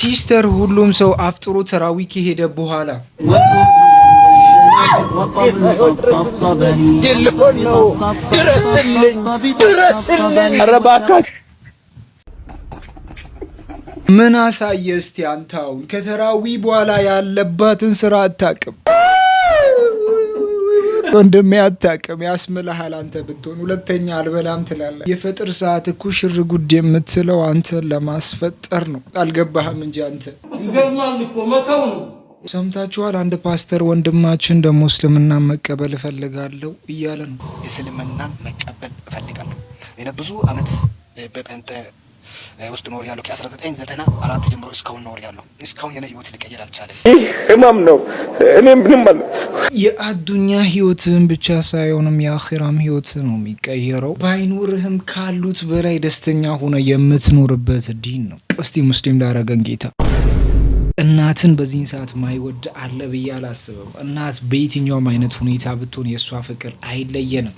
ሲስተር ሁሉም ሰው አፍጥሮ ተራዊ ከሄደ በኋላ ምን አሳየ? እስቲ አንተ አሁን ከተራዊ በኋላ ያለባትን ስራ አታውቅም። እንደሚያታቅም ያስምልሃል። አንተ ብትሆን ሁለተኛ አልበላም ትላለህ። የፈጥር ሰዓት እኮ ሽር ጉድ የምትለው አንተ ለማስፈጠር ነው። አልገባህም እንጂ አንተ ይገርማል እኮ መተው ነው። ሰምታችኋል። አንድ ፓስተር ወንድማችን ደግሞ እስልምና መቀበል እፈልጋለሁ እያለ ነው። እስልምና መቀበል እፈልጋለሁ ብዙ አመት በጴንጤ ውስጥ ኖር ያለው ከ1994 ጀምሮ እስካሁን ኖር ያለው እስካሁን የኔ ህይወት ሊቀየር አልቻለም። ይህ ህማም ነው። እኔ ምንም አለ የአዱኛ ህይወትህን ብቻ ሳይሆንም የአኺራም ህይወት ነው የሚቀየረው። ባይኖርህም ካሉት በላይ ደስተኛ ሆነ የምትኖርበት ዲን ነው። እስቲ ሙስሊም ላረገን ጌታ እናትን በዚህን ሰዓት ማይወድ አለ ብዬ አላስብም። እናት በየትኛውም አይነት ሁኔታ ብትሆን የእሷ ፍቅር አይለየንም።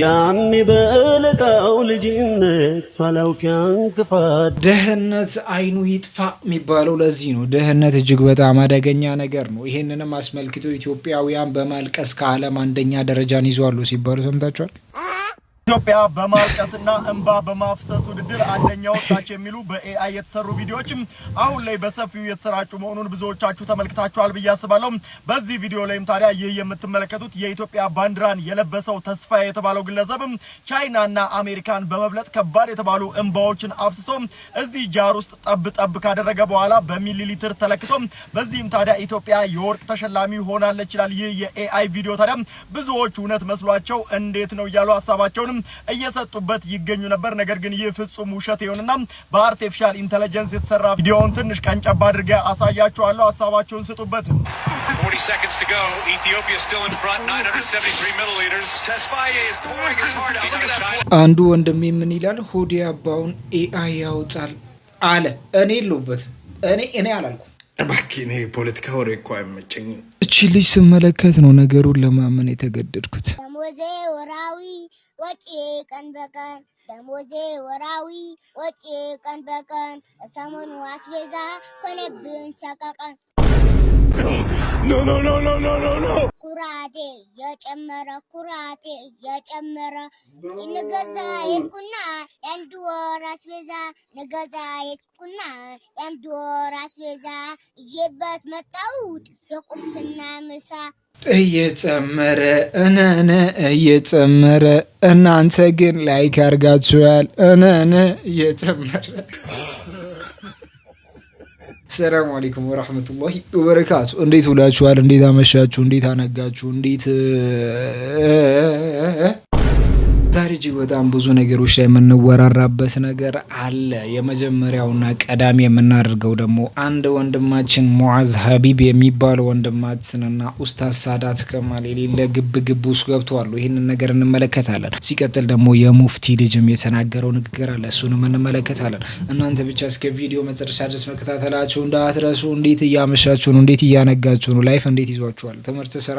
ያም በለቃው ልጅነት ሳላውቅ እንክፋት ድህነት አይኑ ይጥፋ የሚባለው ለዚህ ነው። ድህነት እጅግ በጣም አደገኛ ነገር ነው። ይህንንም አስመልክቶ ኢትዮጵያውያን በማልቀስ ከዓለም አንደኛ ደረጃን ይዟሉ ሲባሉ ሰምታችኋል። ኢትዮጵያ በማልቀስና እንባ በማፍሰስ ውድድር አንደኛ ወጣች የሚሉ በኤአይ የተሰሩ ቪዲዮዎችም አሁን ላይ በሰፊው የተሰራጩ መሆኑን ብዙዎቻችሁ ተመልክታችኋል ብዬ አስባለሁ። በዚህ ቪዲዮ ላይም ታዲያ ይህ የምትመለከቱት የኢትዮጵያ ባንዲራን የለበሰው ተስፋ የተባለው ግለሰብም ቻይናና አሜሪካን በመብለጥ ከባድ የተባሉ እንባዎችን አፍስሶ እዚህ ጃር ውስጥ ጠብ ጠብ ካደረገ በኋላ በሚሊሊትር ተለክቶ በዚህም ታዲያ ኢትዮጵያ የወርቅ ተሸላሚ ሆናለች ይላል። ይህ የኤአይ ቪዲዮ ታዲያ ብዙዎች እውነት መስሏቸው እንዴት ነው እያሉ ሀሳባቸውን ምክርም እየሰጡበት ይገኙ ነበር። ነገር ግን ይህ ፍጹም ውሸት ይሆንና በአርቲፊሻል ኢንተለጀንስ የተሰራ ቪዲዮውን ትንሽ ቀንጨባ አድርገ አሳያችኋለሁ። ሀሳባችሁን ስጡበት። አንዱ ወንድሜ ምን ይላል? ሆዴ አባውን ኤአይ ያውጣል አለ። እኔ የለሁበት እኔ እኔ አላልኩ። እባክህ እኔ ፖለቲካ ወሬ እኮ አይመቸኝም። እቺ ልጅ ስመለከት ነው ነገሩን ለማመን የተገደድኩት። ወጪ ቀን በቀን ደሞዜ ወራዊ ወጪ ቀን በቀን ሰሞኑ አስቤዛ ሆነብን ሰቀቀን። ኩራቴ የጨመረ ኩራቴ የጨመረ ንገዛ የኩና የአንድ ወር አስቤዛ ንገዛ የኩና የአንድ ወር አስቤዛ እየበት መጣሁት የቁርስና ምሳ እየጨመረ እነነ እየጨመረ እናንተ ግን ላይክ አድርጋችኋል። እነነ እየጨመረ ሰላም አሌይኩም ወራህመቱላሂ ወበረካቱ። እንዴት ውላችኋል? እንዴት አመሻችሁ? እንዴት አነጋችሁ? እንዴት ዛሬ እጅግ በጣም ብዙ ነገሮች ላይ የምንወራራበት ነገር አለ። የመጀመሪያውና ቀዳሚ የምናደርገው ደግሞ አንድ ወንድማችን ሙዓዝ ሀቢብ የሚባለው ወንድማችንና ኡስታዝ ሳዳት ከማል የሌለ ግብ ግብ ውስጥ ገብተዋሉ። ይህንን ነገር እንመለከታለን። ሲቀጥል ደግሞ የሙፍቲ ልጅም የተናገረው ንግግር አለ። እሱንም እንመለከታለን። እናንተ ብቻ እስከ ቪዲዮ መጨረሻ ድረስ መከታተላችሁ እንዳትረሱ። እንዴት እያመሻችሁ ነው? እንዴት እያነጋችሁ ነው? ላይፍ እንዴት ይዟችኋል? ትምህርት፣ ስራ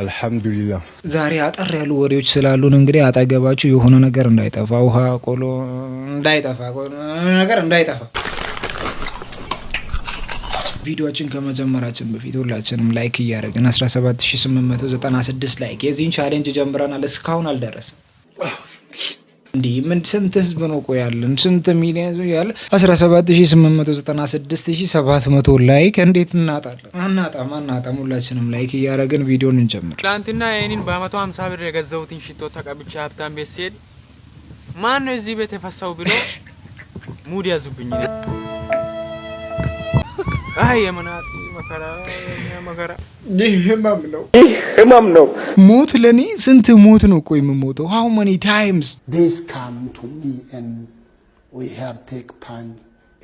አልሐምዱሊላ። ዛሬ አጠር ያሉ ወሬዎች ስላሉን እንግዲህ አጠገባችሁ የሆነ ነገር እንዳይጠፋ፣ ውሃ ቆሎ እንዳይጠፋ፣ ነገር እንዳይጠፋ። ቪዲዮችን ከመጀመራችን በፊት ሁላችንም ላይክ እያደረግን 17896 ላይክ የዚህን ቻሌንጅ ጀምረናል። እስካሁን አልደረስም። እንዴ ምን ስንት ህዝብ ነው ቆ ስንት ሚሊዮን ህዝብ ያለ 17896700 ላይክ እንዴት እናጣለን? አናጣም አናጣም። ሁላችንም ላይክ እያደረግን ቪዲዮን እንጀምር። ትናንትና ይህንን በመቶ ሀምሳ ብር የገዘውትን ሽቶ ተቀብቼ ሀብታም ቤት ሲሄድ ማን ነው እዚህ ቤት የፈሳው ብሎ ሙድ ያዙብኝ። አይ የምናት ይህ ህመም ነው። ይህ ህመም ነው። ሞት ለእኔ ስንት ሞት ነው እኮ የምሞተው። ሃው መኒ ታይምስ ዴይስ ካም ቱ ሚ ዊ ሃቭ ቴክ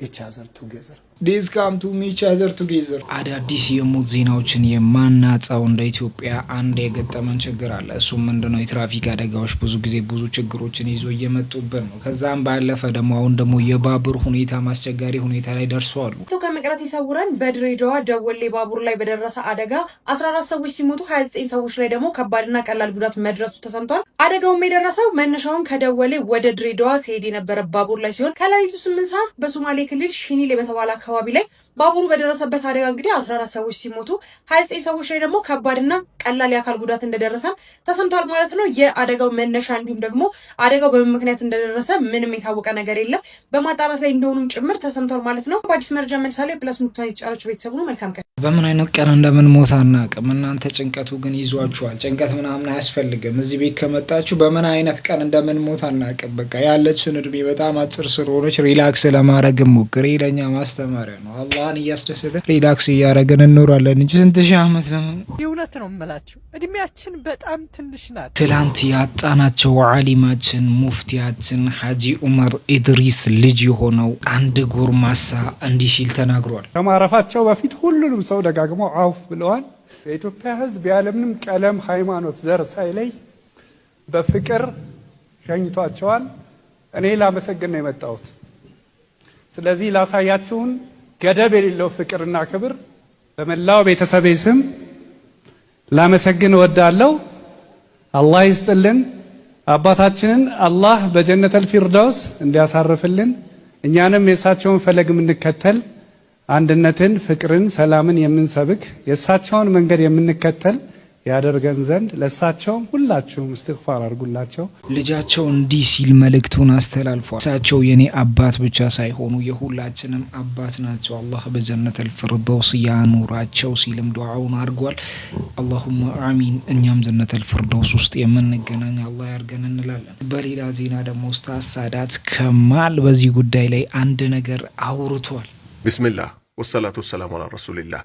ኢች አዘር ቱጌዘር ዴዝ ካም ቱ ሚች አዘር ቱጌዘር አዳዲስ የሞት ዜናዎችን የማናጻው እንደ ኢትዮጵያ አንድ የገጠመን ችግር አለ። እሱም ምንድነው? የትራፊክ አደጋዎች ብዙ ጊዜ ብዙ ችግሮችን ይዞ እየመጡብን ነው። ከዛም ባለፈ ደግሞ አሁን ደግሞ የባቡር ሁኔታ ማስቸጋሪ ሁኔታ ላይ ደርሰዋሉ። ከመቅረት ይሰውረን። በድሬዳዋ ደወሌ ባቡር ላይ በደረሰ አደጋ 14 ሰዎች ሲሞቱ 29 ሰዎች ላይ ደግሞ ከባድና ቀላል ጉዳት መድረሱ ተሰምቷል። አደጋውም የደረሰው መነሻውን ከደወሌ ወደ ድሬዳዋ ሲሄድ የነበረ ባቡር ላይ ሲሆን ከሌሊቱ 8 ሰዓት በሶማሌ ክልል ሽኒሌ በተባለ አካባቢ ላይ ባቡሩ በደረሰበት አደጋ እንግዲህ 14 ሰዎች ሲሞቱ 29 ሰዎች ላይ ደግሞ ከባድና ቀላል የአካል ጉዳት እንደደረሰ ተሰምቷል ማለት ነው። የአደጋው መነሻ እንዲሁም ደግሞ አደጋው በምን ምክንያት እንደደረሰ ምንም የታወቀ ነገር የለም። በማጣራት ላይ እንደሆኑም ጭምር ተሰምቷል ማለት ነው። በአዲስ መረጃ መልሳሌ ፕላስ ሙክቱና የተጫለች ቤተሰቡ ነው። መልካም ቀን። በምን አይነት ቀን እንደምን እንደምንሞት አናውቅም። እናንተ ጭንቀቱ ግን ይዟችኋል። ጭንቀት ምናምን አያስፈልግም። እዚህ ቤት ከመጣችሁ በምን አይነት ቀን እንደምን እንደምንሞት አናውቅም። በቃ ያለችን እድሜ በጣም አጭር ስለሆነች ሪላክስ ለማድረግ ሞክር። ይለኛ ማስተማ ማርያም ነው። አላህን እያስደሰተ ሪላክስ እያደረገን እንኖራለን እንጂ ስንት ሺህ ዓመት ነው። የእውነት ነው የምላችሁ እድሜያችን በጣም ትንሽ ናት። ትላንት ያጣናቸው ዓሊማችን ሙፍቲያችን ሐጂ ዑመር ኢድሪስ ልጅ የሆነው አንድ ጎርማሳ እንዲህ ሲል ተናግሯል። ከማረፋቸው በፊት ሁሉንም ሰው ደጋግሞ አውፍ ብለዋል። የኢትዮጵያ ሕዝብ ያለምንም ቀለም፣ ሃይማኖት፣ ዘር ሳይለይ በፍቅር ሸኝቷቸዋል። እኔ ላመሰግን ነው የመጣሁት። ስለዚህ ላሳያችሁን ገደብ የሌለው ፍቅርና ክብር በመላው ቤተሰቤ ስም ላመሰግን እወዳለሁ። አላህ ይስጥልን። አባታችንን አላህ በጀነተል ፊርዳውስ እንዲያሳርፍልን እኛንም የእሳቸውን ፈለግ የምንከተል አንድነትን፣ ፍቅርን፣ ሰላምን የምንሰብክ የእሳቸውን መንገድ የምንከተል ያደርገን ዘንድ ለሳቸው ሁላችሁም እስትግፋር አድርጉላቸው። ልጃቸው እንዲህ ሲል መልእክቱን አስተላልፏል። እሳቸው የኔ አባት ብቻ ሳይሆኑ የሁላችንም አባት ናቸው። አላህ በጀነት አልፍርደውስ ያኑራቸው ሲልም ዱዓውን አድርጓል። አላሁማ አሚን። እኛም ጀነት አልፍርደውስ ውስጥ የምንገናኝ አላህ ያርገን እንላለን። በሌላ ዜና ደግሞ ኡስታዝ ሳዳት ከማል በዚህ ጉዳይ ላይ አንድ ነገር አውርቷል። ቢስሚላህ ወሰላቱ ወሰላሙ አላ ረሱሊላህ።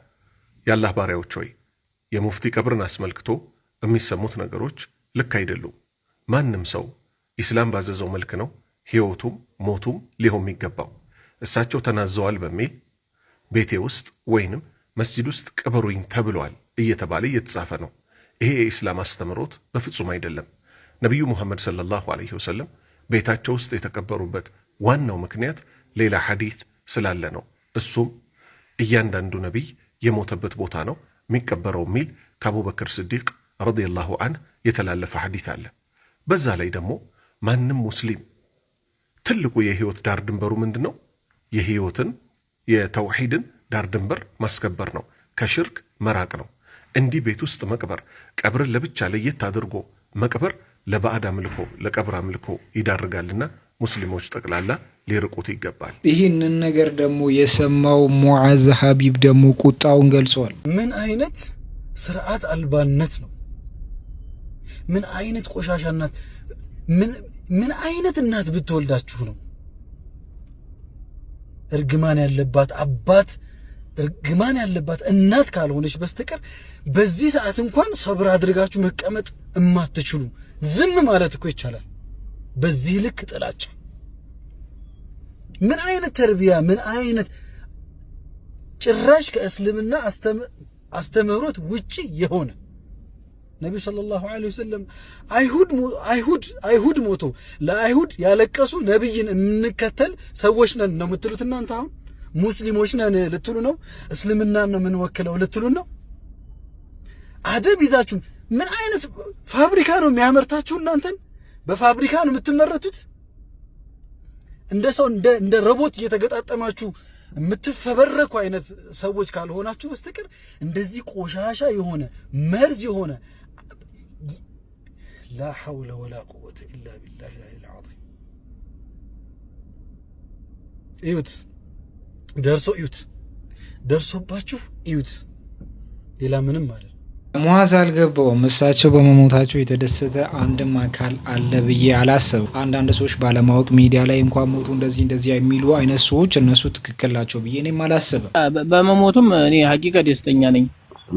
የአላህ ባሪያዎች ሆይ የሙፍቲ ቀብርን አስመልክቶ የሚሰሙት ነገሮች ልክ አይደሉም። ማንም ሰው ኢስላም ባዘዘው መልክ ነው ሕይወቱም ሞቱም ሊሆን የሚገባው። እሳቸው ተናዘዋል በሚል ቤቴ ውስጥ ወይንም መስጂድ ውስጥ ቅበሩኝ ተብሏል እየተባለ እየተጻፈ ነው። ይሄ የኢስላም አስተምሮት በፍጹም አይደለም። ነቢዩ ሙሐመድ ሰለላሁ ዐለይሂ ወሰለም ቤታቸው ውስጥ የተቀበሩበት ዋናው ምክንያት ሌላ ሐዲት ስላለ ነው። እሱም እያንዳንዱ ነቢይ የሞተበት ቦታ ነው የሚቀበረው የሚል ከአቡበክር ስዲቅ ረዲየላሁ አንህ የተላለፈ ሐዲት አለ። በዛ ላይ ደግሞ ማንም ሙስሊም ትልቁ የህይወት ዳር ድንበሩ ምንድን ነው? የህይወትን የተውሒድን ዳር ድንበር ማስከበር ነው። ከሽርክ መራቅ ነው። እንዲህ ቤት ውስጥ መቅበር፣ ቀብርን ለብቻ ለየት አድርጎ መቅበር ለባዕድ አምልኮ፣ ለቀብር አምልኮ ይዳርጋልና ሙስሊሞች ጠቅላላ ሊርቁት ይገባል። ይህንን ነገር ደግሞ የሰማው ሙዓዝ ሀቢብ ደግሞ ቁጣውን ገልጿል። ምን አይነት ስርዓት አልባነት ነው? ምን አይነት ቆሻሻ እናት፣ ምን አይነት እናት ብትወልዳችሁ ነው እርግማን ያለባት አባት እርግማን ያለባት እናት ካልሆነች በስተቀር በዚህ ሰዓት እንኳን ሰብር አድርጋችሁ መቀመጥ እማትችሉ። ዝም ማለት እኮ ይቻላል። በዚህ ልክ ጥላቻ፣ ምን አይነት ተርቢያ፣ ምን አይነት ጭራሽ ከእስልምና አስተምህሮት ውጪ የሆነ ነቢዩ ሰለላሁ ዐለይሂ ወሰለም አይሁድ አይሁድ ሞቶ ለአይሁድ ያለቀሱ ነቢይን የምንከተል ሰዎች ነን ነው የምትሉት እናንተ? አሁን ሙስሊሞች ነን ልትሉ ነው? እስልምናን ነው የምንወክለው ልትሉ ነው? አደብ ይዛችሁ ምን አይነት ፋብሪካ ነው የሚያመርታችሁ እናንተን? በፋብሪካ ነው የምትመረቱት። እንደ ሰው እንደ ረቦት እየተገጣጠማችሁ የምትፈበረኩ አይነት ሰዎች ካልሆናችሁ በስተቀር እንደዚህ ቆሻሻ የሆነ መርዝ የሆነ ላ ሐውለ ወላ ቁወተ ኢላ ቢላህ ላል ዓዚም እዩት፣ ደርሶ እዩት፣ ደርሶባችሁ እዩት። ሌላ ምንም አለ ሙዓዝ አልገባውም። እሳቸው በመሞታቸው የተደሰተ አንድም አካል አለ ብዬ አላስብም። አንዳንድ ሰዎች ባለማወቅ ሚዲያ ላይ እንኳን ሞቱ እንደዚህ እንደዚህ የሚሉ አይነት ሰዎች እነሱ ትክክል ናቸው ብዬ እኔም አላስብም። በመሞቱም እኔ ሀቂቃ ደስተኛ ነኝ።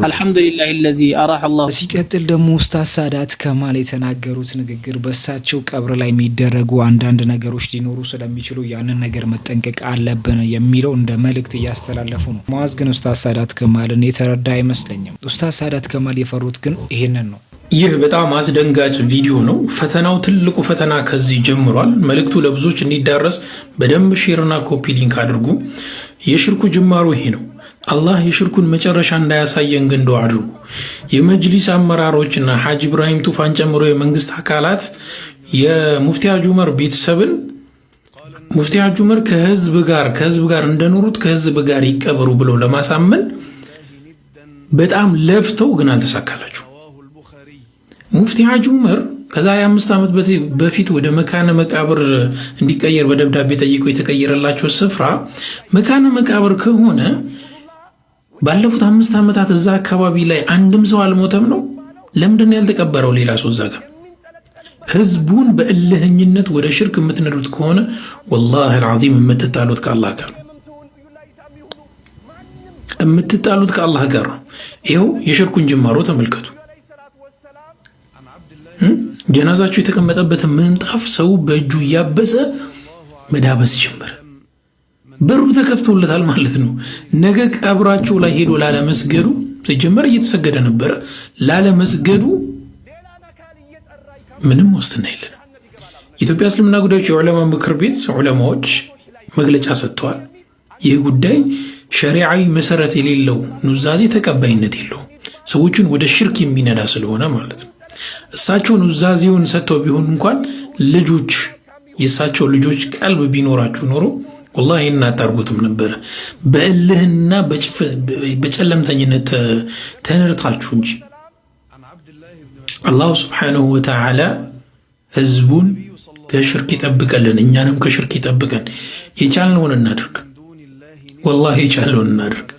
አልሐምዱሊላህ ለዚ አራህ አላሁ። ሲቀጥል ደግሞ ኡስታዝ ሳዳት ከማል የተናገሩት ንግግር በእሳቸው ቀብር ላይ የሚደረጉ አንዳንድ ነገሮች ሊኖሩ ስለሚችሉ ያንን ነገር መጠንቀቅ አለብን የሚለው እንደ መልእክት እያስተላለፉ ነው። መዋዝ ግን ኡስታዝ ሳዳት ከማልን የተረዳ አይመስለኝም። ኡስታዝ ሳዳት ከማል የፈሩት ግን ይሄንን ነው። ይህ በጣም አስደንጋጭ ቪዲዮ ነው። ፈተናው ትልቁ ፈተና ከዚህ ጀምሯል። መልእክቱ ለብዙዎች እንዲዳረስ በደንብ ሼርና ኮፒ ሊንክ አድርጉ። የሽርኩ ጅማሮ ይሄ ነው። አላህ የሽርኩን መጨረሻ እንዳያሳየን ግን ዱዓ አድርጉ። የመጅሊስ አመራሮችና ሐጅ ኢብራሂም ቱፋን ጨምሮ የመንግስት አካላት የሙፍቲ ሐጂ ዑመር ቤተሰብን ሙፍቲ ሐጂ ዑመር ከህዝብ ጋር ከህዝብ ጋር እንደኖሩት ከህዝብ ጋር ይቀበሩ ብለው ለማሳመን በጣም ለፍተው ግን አልተሳካላቸው። ሙፍቲ ሐጅ ዑመር ከዛሬ አምስት ዓመት በፊት ወደ መካነ መቃብር እንዲቀየር በደብዳቤ ጠይቆ የተቀየረላቸው ስፍራ መካነ መቃብር ከሆነ ባለፉት አምስት ዓመታት እዛ አካባቢ ላይ አንድም ሰው አልሞተም ነው። ለምንድነው ያልተቀበረው ሌላ ሰው እዛ ጋር? ህዝቡን በእልህኝነት ወደ ሽርክ የምትነዱት ከሆነ ወላሂ አልዓዚም የምትጣሉት ከአላህ ጋር የምትጣሉት ከአላህ ጋር ነው። ይኸው የሽርኩን ጅማሮ ተመልከቱ። ጀናዛቸው የተቀመጠበትን ምንጣፍ ሰው በእጁ እያበሰ መዳበስ ጀመረ። በሩ ተከፍቶለታል ማለት ነው። ነገ ቀብራቸው ላይ ሄዶ ላለመስገዱ ሲጀመር እየተሰገደ ነበረ። ላለመስገዱ ምንም ዋስትና የለን። የኢትዮጵያ እስልምና ጉዳዮች የዑለማ ምክር ቤት ዑለማዎች መግለጫ ሰጥተዋል። ይህ ጉዳይ ሸሪዓዊ መሰረት የሌለው ኑዛዜ ተቀባይነት የለውም። ሰዎችን ወደ ሽርክ የሚነዳ ስለሆነ ማለት ነው። እሳቸው ኑዛዜውን ሰጥተው ቢሆን እንኳን ልጆች የእሳቸው ልጆች ቀልብ ቢኖራችሁ ኖሮ ወላሂ ይህን አታርጉትም ነበረ። በእልህና በጨለምተኝነት ተንርታችሁ እንጂ አላሁ ስብሓነሁ ወተዓላ ህዝቡን ከሽርክ ይጠብቀልን፣ እኛንም ከሽርክ ይጠብቀን። የቻልነውን እናድርግ፣ ወላሂ የቻልነውን እናድርግ።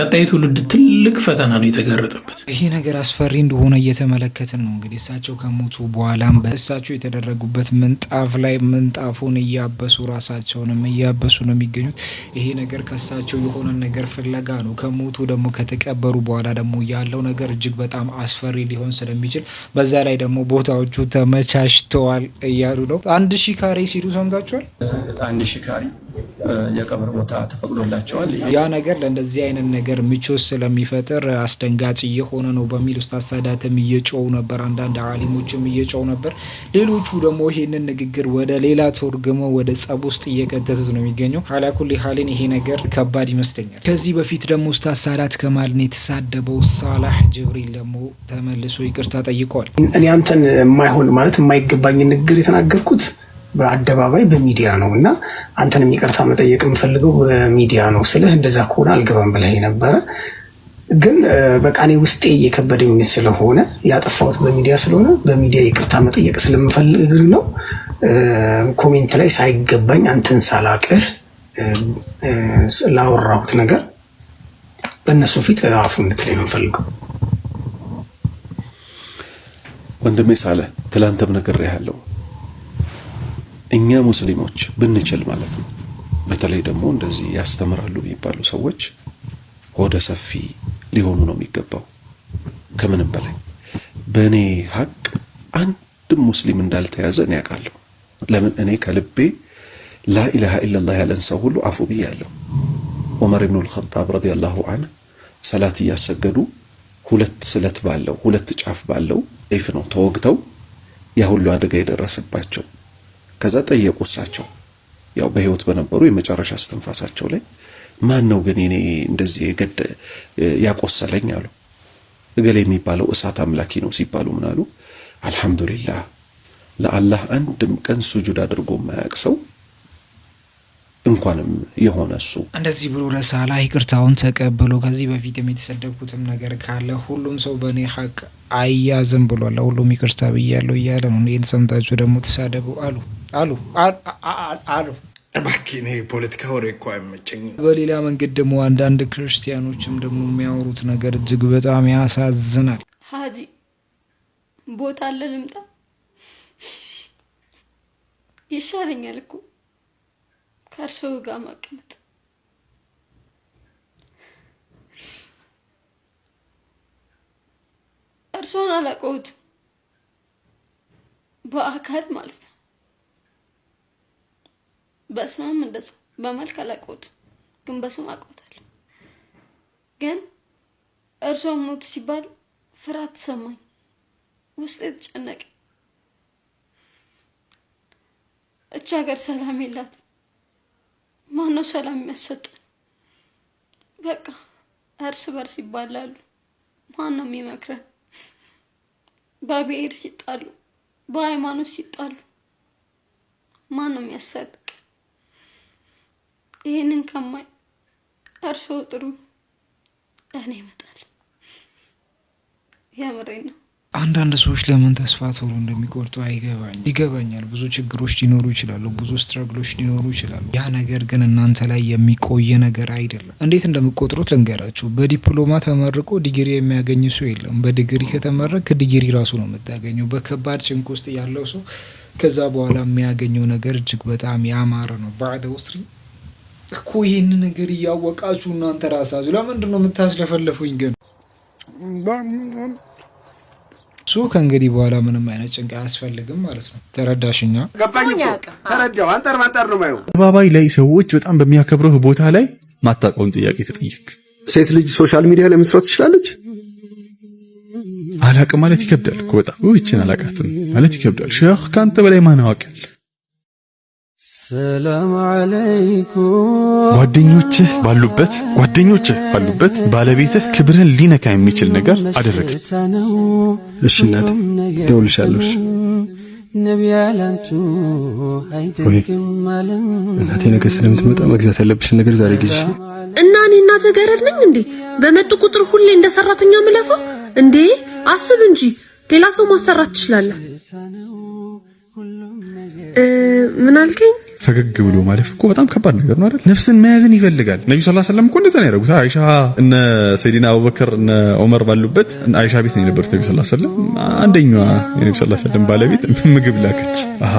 ቀጣይ ትውልድ ትልቅ ፈተና ነው የተጋረጠበት። ይሄ ነገር አስፈሪ እንደሆነ እየተመለከትን ነው። እንግዲህ እሳቸው ከሞቱ በኋላም በእሳቸው የተደረጉበት ምንጣፍ ላይ ምንጣፉን እያበሱ ራሳቸውንም እያበሱ ነው የሚገኙት። ይሄ ነገር ከእሳቸው የሆነ ነገር ፍለጋ ነው። ከሞቱ ደግሞ ከተቀበሩ በኋላ ደግሞ ያለው ነገር እጅግ በጣም አስፈሪ ሊሆን ስለሚችል በዛ ላይ ደግሞ ቦታዎቹ ተመቻችተዋል እያሉ ነው። አንድ ሺህ ካሬ ሲሉ ሰምታችኋል። አንድ ሺህ ካሬ የቀብር ቦታ ተፈቅዶላቸዋል። ያ ነገር ለእንደዚህ አይነት ነገር ምቾት ስለሚፈጥር አስደንጋጭ እየሆነ ነው በሚል ኡስታዝ ሳዳትም እየጮው ነበር፣ አንዳንድ አሊሞችም እየጮው ነበር። ሌሎቹ ደግሞ ይሄንን ንግግር ወደ ሌላ ተርጉመው ወደ ጸብ ውስጥ እየከተቱት ነው የሚገኘው። አላኩል ሀሊን ይሄ ነገር ከባድ ይመስለኛል። ከዚህ በፊት ደግሞ ኡስታዝ ሳዳት ከማልን የተሳደበው ሳላህ ጅብሪል ደግሞ ተመልሶ ይቅርታ ጠይቋል። እኔ አንተን የማይሆን ማለት የማይገባኝ ንግግር የተናገርኩት በአደባባይ በሚዲያ ነው እና አንተን ይቅርታ መጠየቅ የምፈልገው በሚዲያ ነው ስልህ እንደዛ ከሆነ አልገባም ብለህ ነበረ። ግን በቃ እኔ ውስጤ እየከበደኝ ስለሆነ ያጠፋሁት በሚዲያ ስለሆነ በሚዲያ ይቅርታ መጠየቅ ስለምፈልግ ነው። ኮሜንት ላይ ሳይገባኝ አንተን ሳላቅህ ላወራሁት ነገር በእነሱ ፊት አፉ እንድትለኝ ነው የምፈልገው። ወንድሜ ሳለ ነገር ያለው እኛ ሙስሊሞች ብንችል ማለት ነው። በተለይ ደግሞ እንደዚህ ያስተምራሉ የሚባሉ ሰዎች ሆደ ሰፊ ሊሆኑ ነው የሚገባው። ከምንም በላይ በእኔ ሀቅ አንድም ሙስሊም እንዳልተያዘ እኔ ያውቃለሁ። ለምን እኔ ከልቤ ላኢላሃ ኢለላህ ያለን ሰው ሁሉ አፉ ያለው ዑመር ኢብኑል ኸጣብ ረዲየላሁ አንህ ሰላት እያሰገዱ ሁለት ስለት ባለው ሁለት ጫፍ ባለው ፍ ነው ተወግተው ያ ሁሉ አደጋ የደረሰባቸው ከዛ ጠየቁ። እሳቸው ያው በህይወት በነበሩ የመጨረሻ እስትንፋሳቸው ላይ ማን ነው ግን እኔ እንደዚህ የገደ ያቆሰለኝ አሉ። እገሌ የሚባለው እሳት አምላኪ ነው ሲባሉ ምን አሉ? አልሐምዱሊላህ ለአላህ አንድም ቀን ሱጁድ አድርጎ የማያውቅ ሰው እንኳንም የሆነ እሱ እንደዚህ ብሎ ለሳላ ይቅርታውን ተቀብሎ ከዚህ በፊትም የተሰደብኩትም ነገር ካለ ሁሉም ሰው በእኔ ሀቅ አያዝም ብሏል። ሁሉም ይቅርታ ብያለሁ እያለ ነው። ይህን ሰምታችሁ ደግሞ ተሳደቡ አሉ። አሉ አሉ። እባክህ እኔ የፖለቲካ ወሬ እኮ አይመቸኝም። በሌላ መንገድ ደግሞ አንዳንድ ክርስቲያኖችም ደግሞ የሚያወሩት ነገር እጅግ በጣም ያሳዝናል። ሀጂ ቦታ አለ ልምጣ ይሻለኛል እኮ ከእርስዎ ጋር መቀመጥ። እርስዎን አላውቀውትም በአካል ማለት ነው። በስምም እንደሱ በመልክ አላውቀውትም፣ ግን በስም አውቀውታለሁ። ግን እርሶ ሞት ሲባል ፍርሃት ተሰማኝ፣ ውስጥ የተጨነቀ እች ሀገር ሰላም የላት። ነው ሰላም የሚያሰጠን? በቃ እርስ በርስ ይባላሉ። ማን ነው የሚመክረን? በብሔር ሲጣሉ፣ በሃይማኖት ሲጣሉ ማን ነው የሚያሰጥ ይህንን ከማይ እርሾ ጥሩ እኔ ይመጣል። ያምሬ ነው። አንዳንድ ሰዎች ለምን ተስፋ ቶሎ እንደሚቆርጡ አይገባኝ ይገባኛል። ብዙ ችግሮች ሊኖሩ ይችላሉ፣ ብዙ ስትራግሎች ሊኖሩ ይችላሉ። ያ ነገር ግን እናንተ ላይ የሚቆየ ነገር አይደለም። እንዴት እንደምቆጥሩት ልንገራችሁ። በዲፕሎማ ተመርቆ ዲግሪ የሚያገኝ ሰው የለም። በዲግሪ ከተመረቅ ዲግሪ ራሱ ነው የምታገኘው። በከባድ ጭንቅ ውስጥ ያለው ሰው ከዛ በኋላ የሚያገኘው ነገር እጅግ በጣም ያማረ ነው። ባዕደ ውስሪ እኮ ይህን ነገር እያወቃችሁ እናንተ ራሳችሁ ለምንድን ነው የምታስለፈለፉኝ? ግን እሱ ከእንግዲህ በኋላ ምንም አይነት ጭንቅ አያስፈልግም ማለት ነው። ተረዳሽኛ? ተረዳው። አንጠር ማንጠር ነው ማየው። አደባባይ ላይ ሰዎች በጣም በሚያከብረው ቦታ ላይ ማታውቀውን ጥያቄ ተጠየቅ። ሴት ልጅ ሶሻል ሚዲያ ላይ መስራት ትችላለች? አላቅ ማለት ይከብዳል በጣም ይችን አላቃትም ማለት ይከብዳል። ሼህ ከአንተ በላይ ማን ያውቃል? ጓደኞችህ ባሉበት ጓደኞችህ ባሉበት ባለቤትህ ክብርህን ሊነካ የሚችል ነገር አደረገች። እሺ እናቴ ደውልሻለሁ። እናቴ ነገ ስለምትመጣ መግዛት ያለብሽን ነገር ዛሬ ግዢ። እና እኔ እናትህ ገረድ ነኝ እንዴ? በመጡ ቁጥር ሁሌ እንደ ሰራተኛ ምለፋ እንዴ? አስብ እንጂ ሌላ ሰው ማሰራት ትችላለህ። ምን አልከኝ? ፈገግ ብሎ ማለፍ እኮ በጣም ከባድ ነገር ነው አይደል? ነፍስን መያዝን ይፈልጋል። ነቢዩ ስላ ስለም እኮ እንደዛ ነው ያደረጉት። አይሻ እነ ሰይዲና አቡበከር እነ ዑመር ባሉበት አይሻ ቤት ነው የነበሩት ነቢዩ ስላ ስለም ወሰለም። አንደኛዋ የነቢዩ ሰለላሁ ዐለይሂ ባለቤት ምግብ ላከች። አሃ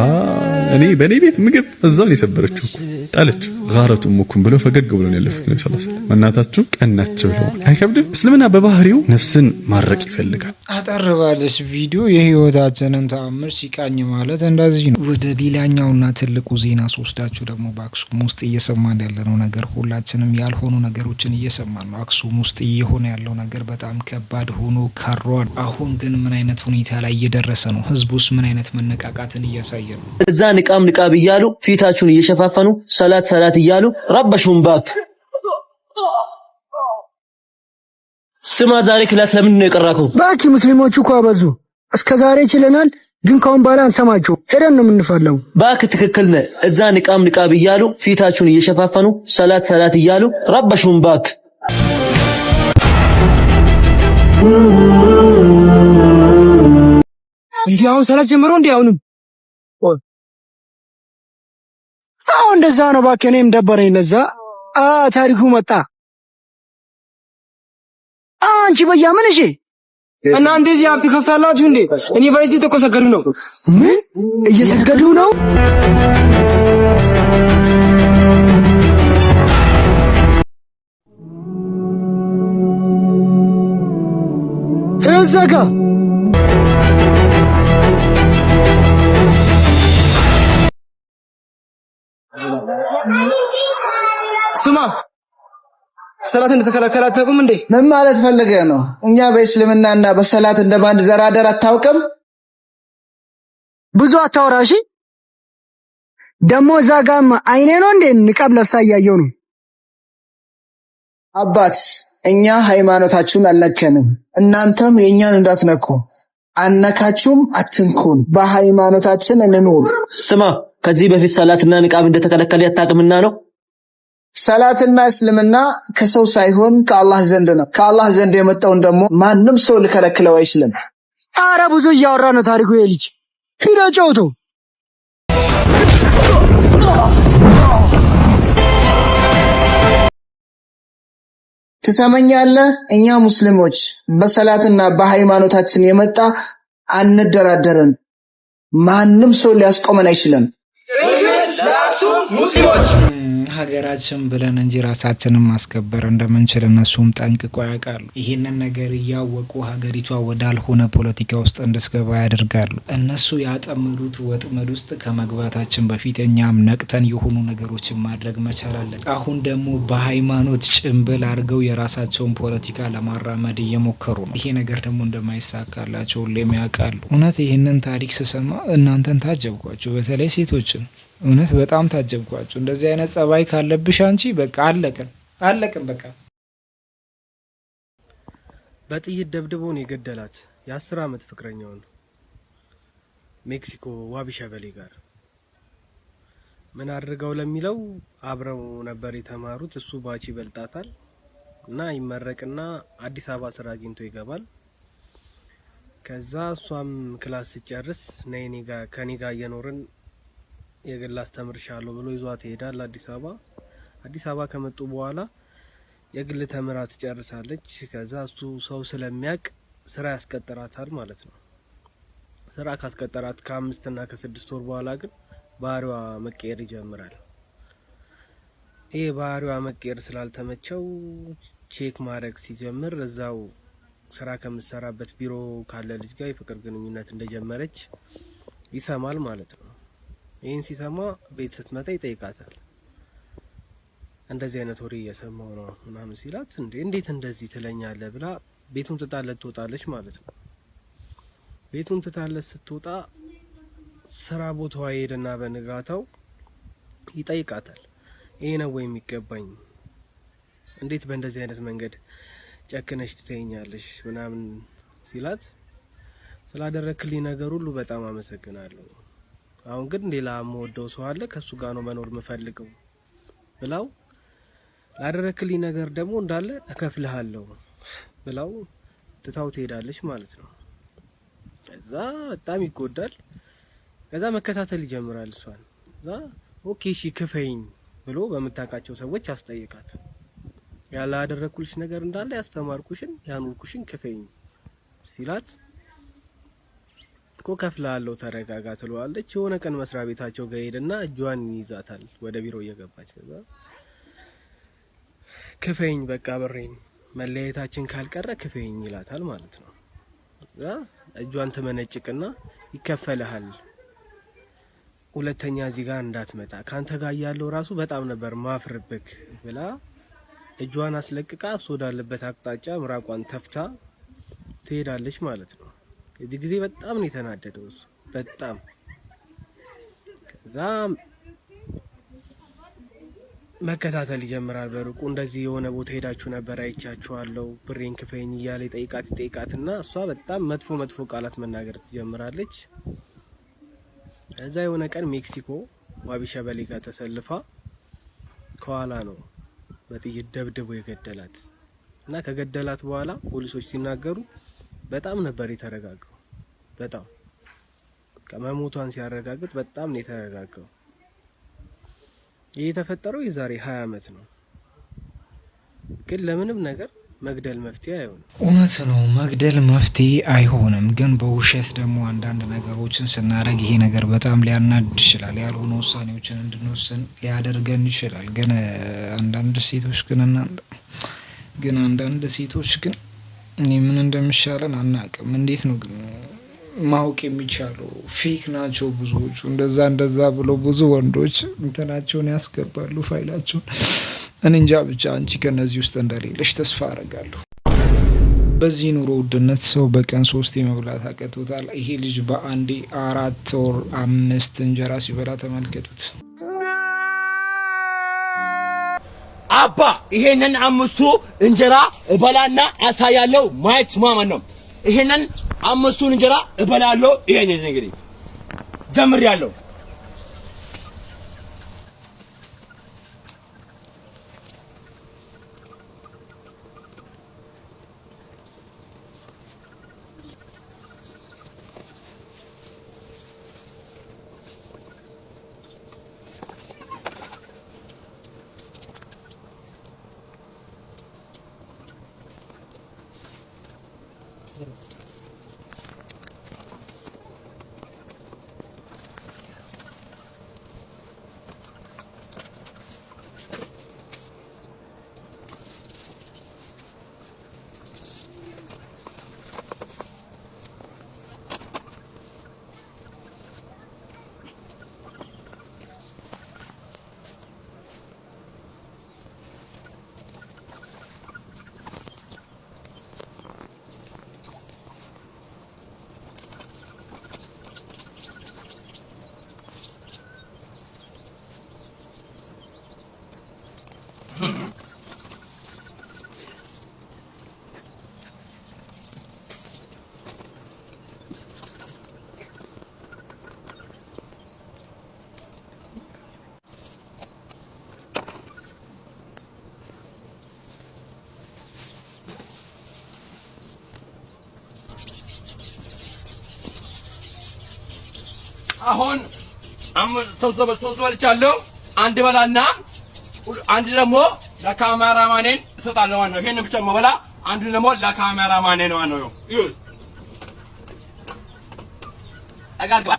እኔ በእኔ ቤት ምግብ እዛው ነው የሰበረችው ጣለች። ጋረቱ ሙኩም ብለው ፈገግ ብለው ነው ያለፉት ነብዩ ሰለላሁ ዐለይሂ ወሰለም። መናታችሁ ቀናች ብለው አይከብድም። እስልምና በባህሪው ነፍስን ማረቅ ይፈልጋል። አጠር ባለስ ቪዲዮ የህይወታችንን ተአምር ሲቃኝ ማለት እንደዚህ ነው። ወደ ሌላኛውና ትልቁ ዜና ስወስዳችሁ ደግሞ በአክሱም ውስጥ እየሰማን ያለነው ነገር ሁላችንም ያልሆኑ ነገሮችን እየሰማን ነው። አክሱም ውስጥ እየሆነ ያለው ነገር በጣም ከባድ ሆኖ ከሯል። አሁን ግን ምን አይነት ሁኔታ ላይ እየደረሰ ነው? ህዝቡስ ምን አይነት መነቃቃትን እያሳየ ነው? ንቃም ንቃብ እያሉ ፊታችሁን እየሸፋፈኑ ሰላት ሰላት እያሉ ረበሹን ባክ። ስማ ዛሬ ክላስ ለምንድን ነው የቀራከው? ባክ ሙስሊሞቹ እኮ አበዙ። እስከ ዛሬ ችለናል፣ ግን ካሁን በኋላ አንሰማቸው ሄደን ነው የምንፈለው። ባክ ትክክል ነህ። እዛ ንቃም ንቃብ እያሉ ፊታችሁን እየሸፋፈኑ ሰላት ሰላት እያሉ ረበሹን ባክ። እንዲህ አሁን ሰላት ጀምሮ እንዲህ አሁንም አዎ እንደዛ ነው። እባክህ እኔም ደበረኝ። ለዛ አ ታሪኩ መጣ። አንቺ በያምን እሺ፣ እና እዚህ አፍት ከፍታላችሁ እንዴ? ዩኒቨርሲቲ ተቆሰገዱ ነው። ምን እየሰገዱ ነው? እዛ ጋር ስማ ሰላት እንደተከለከለ አታውቅም እንዴ? ምን ማለት ፈልገ ነው? እኛ በእስልምናና በሰላት እንደማንድ ደራደር አታውቅም። ብዙ አታወራ እሺ። ደግሞ እዛ ጋም አይኔ ነው እንዴ ንቀብ ለብሳ እያየው ነው። አባት እኛ ሃይማኖታችሁን አልነከንም፣ እናንተም የእኛን እንዳትነኩ። አነካችሁም፣ አትንኩን። በሃይማኖታችን እንኑር። ስማ ከዚህ በፊት ሰላትና ንቃብ እንደተከለከለ አታውቅምና ነው ሰላትና እስልምና ከሰው ሳይሆን ከአላህ ዘንድ ነው። ከአላህ ዘንድ የመጣውን ደግሞ ማንም ሰው ልከለክለው አይችልም። አረ ብዙ እያወራ ነው ታሪኩ የልጅ ሂዳ ጨውቶ ትሰመኛለህ። እኛ ሙስሊሞች በሰላትና በሃይማኖታችን የመጣ አንደራደርን። ማንም ሰው ሊያስቆመን አይችልም። ሙስሊሞች ሀገራችን ብለን እንጂ ራሳችንን ማስከበር እንደምንችል እነሱም ጠንቅቆ ያውቃሉ። ይህንን ነገር እያወቁ ሀገሪቷ ወዳልሆነ ፖለቲካ ውስጥ እንድስገባ ያደርጋሉ። እነሱ ያጠመዱት ወጥመድ ውስጥ ከመግባታችን በፊት እኛም ነቅተን የሆኑ ነገሮችን ማድረግ መቻል አለን። አሁን ደግሞ በሃይማኖት ጭንብል አድርገው የራሳቸውን ፖለቲካ ለማራመድ እየሞከሩ ነው። ይሄ ነገር ደግሞ እንደማይሳካላቸው ሁሌም ያውቃሉ። እውነት ይህንን ታሪክ ስሰማ እናንተን ታጀብኳቸው፣ በተለይ ሴቶችን እውነት በጣም ታጀብኳችሁ። እንደዚህ አይነት ጸባይ ካለብሽ አንቺ በቃ አለቅን አለቅን በቃ። በጥይት ደብድቦን የገደላት የአስር ዓመት ፍቅረኛውን ሜክሲኮ ዋቢ ሸበሌ ጋር ምን አድርገው ለሚለው አብረው ነበር የተማሩት። እሱ ባቺ ይበልጣታል እና ይመረቅና አዲስ አበባ ስራ አግኝቶ ይገባል። ከዛ እሷም ክላስ ሲጨርስ ነይ ከኔ እየኖርን የግል አስተምርሻለሁ ብሎ ይዟት ይሄዳል አዲስ አበባ። አዲስ አበባ ከመጡ በኋላ የግል ተምራ ትጨርሳለች። ከዛ እሱ ሰው ስለሚያውቅ ስራ ያስቀጥራታል ማለት ነው። ስራ ካስቀጠራት ከአምስት እና ከስድስት ወር በኋላ ግን ባህሪዋ መቀየር ይጀምራል። ይህ ባህሪዋ መቀየር ስላልተመቸው ቼክ ማድረግ ሲጀምር እዛው ስራ ከምትሰራበት ቢሮ ካለ ልጅ ጋር የፍቅር ግንኙነት እንደጀመረች ይሰማል ማለት ነው። ይህን ሲሰማ ቤት ስትመጣ ይጠይቃታል። እንደዚህ አይነት ወሬ እየሰማው ነው ምናምን ሲላት፣ እንዴ እንዴት እንደዚህ ትለኛለ ብላ ቤቱን ትታለት ትወጣለች ማለት ነው። ቤቱን ትታለት ስትወጣ ስራ ቦታዋ ሄደና በንጋታው ይጠይቃታል። ይሄ ነው ወይ የሚገባኝ? እንዴት በእንደዚህ አይነት መንገድ ጨክነሽ ትተኛለሽ? ምናምን ሲላት ስላደረክልኝ ነገር ሁሉ በጣም አመሰግናለሁ አሁን ግን ሌላ የምወደው ሰው አለ ከሱ ጋር ነው መኖር የምፈልገው ብላው ላደረክልኝ ነገር ደግሞ እንዳለ እከፍልሃለሁ ብላው ትታው ትሄዳለች ማለት ነው። ከዛ በጣም ይጎዳል። ከዛ መከታተል ይጀምራል እሷን። ከዛ ኦኬ ሺ ክፈይኝ ብሎ በምታውቃቸው ሰዎች አስጠየቃት። ያላደረኩልሽ ነገር እንዳለ ያስተማርኩሽን ያኖርኩሽን ክፈይኝ ሲላት እኮ ከፍላለሁ ተረጋጋ ትለዋለች። የሆነ ቀን መስሪያ ቤታቸው ጋር ሄድና እጇን ይይዛታል። ወደ ቢሮ እየገባች ከዛ ክፈኝ በቃ ብሬን መለያየታችን ካልቀረ ክፈኝ ይላታል ማለት ነው። እዛ እጇን ትመነጭቅና ይከፈልሃል፣ ሁለተኛ እዚህ ጋር እንዳትመጣ ካንተ ጋር ያለው ራሱ በጣም ነበር ማፍርብክ ብላ እጇን አስለቅቃ እሱ ወዳለበት አቅጣጫ ምራቋን ተፍታ ትሄዳለች ማለት ነው። እዚህ ጊዜ በጣም ነው የተናደደው እሱ በጣም ከዛም መከታተል ይጀምራል በሩቁ እንደዚህ የሆነ ቦታ ሄዳችሁ ነበር አይቻችኋለሁ፣ ብሬን ክፈይኝ እያለ ጠይቃት ጠይቃት እና እሷ በጣም መጥፎ መጥፎ ቃላት መናገር ትጀምራለች። እዛ የሆነ ቀን ሜክሲኮ ዋቢ ሸበሌ ጋር ተሰልፋ ከኋላ ነው በጥይት ደብድቦ የገደላት እና ከገደላት በኋላ ፖሊሶች ሲናገሩ በጣም ነበር የተረጋጋው። በጣም ከመሞቷን ሲያረጋግጥ በጣም ነው የተረጋጋው። ይህ የተፈጠረው የዛሬ ሀያ አመት ነው። ግን ለምንም ነገር መግደል መፍትሄ አይሆንም። እውነት ነው፣ መግደል መፍትሄ አይሆንም። ግን በውሸት ደግሞ አንዳንድ ነገሮችን ስናደርግ ይሄ ነገር በጣም ሊያናድ ይችላል። ያልሆነ ውሳኔዎችን እንድንወስን ሊያደርገን ይችላል። ግን አንዳንድ ሴቶች ግን እናንተ ግን አንዳንድ ሴቶች ግን እኔ ምን እንደሚሻለን አናቅም። እንዴት ነው ግን ማወቅ የሚቻለው? ፌክ ናቸው ብዙዎቹ። እንደዛ እንደዛ ብለው ብዙ ወንዶች እንትናቸውን ያስገባሉ ፋይላቸውን። እኔ እንጃ ብቻ አንቺ ከነዚህ ውስጥ እንደሌለሽ ተስፋ አረጋለሁ። በዚህ ኑሮ ውድነት ሰው በቀን ሶስት የመብላት አቀቶታል። ይሄ ልጅ በአንዴ አራት ወር አምስት እንጀራ ሲበላ ተመልከቱት። አባ ይሄንን አምስቱ እንጀራ እበላና አሳያለው ማየት ማመን ነው። ይሄንን አምስቱን እንጀራ እበላለሁ። ይሄን እንግዲህ ጀምሬያለሁ። አሁን ሶስት በልቻለሁ። አንድ በላና አንድ ደግሞ ለካሜራማኔን እሰጣለሁ ማለት ነው። ይሄን ብቻ መበላ አንዱ ደግሞ ለካሜራማኔን ማለት ነው። ይሁን አጋግባ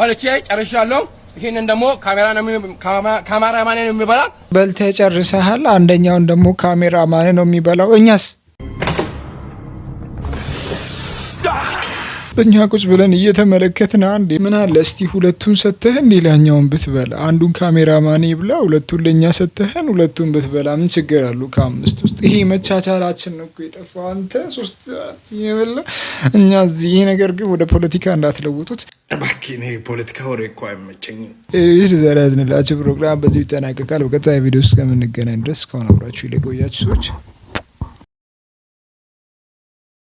በልቼ ጨርሻለሁ። ይህንን ደግሞ ካሜራማን ነው የሚበላ። በልተህ ጨርሰሃል። አንደኛውን ደግሞ ካሜራማን ነው የሚበላው። እኛስ እኛ ቁጭ ብለን እየተመለከትን አንድ ምን አለ እስቲ ሁለቱን ሰተህን ሌላኛውን ብትበላ አንዱን ካሜራማን ብላ ሁለቱን ለእኛ ሰተህን ሁለቱን ብትበላ ምን ችግር አሉ? ከአምስት ውስጥ ይሄ መቻቻላችን ነው እኮ የጠፋው። አንተ ሶስት የበላ እኛ እዚህ። ይሄ ነገር ግን ወደ ፖለቲካ እንዳትለውጡት እባክህ። ይሄ ፖለቲካ ወሬ እኮ አይመቸኝም። ዛሬ ያዝንላችሁ ፕሮግራም በዚህ ይጠናቀቃል። በቀጣይ ቪዲዮ እስከምንገናኝ ድረስ ከሆነ አብራችሁ ለቆያችሁ ሰዎች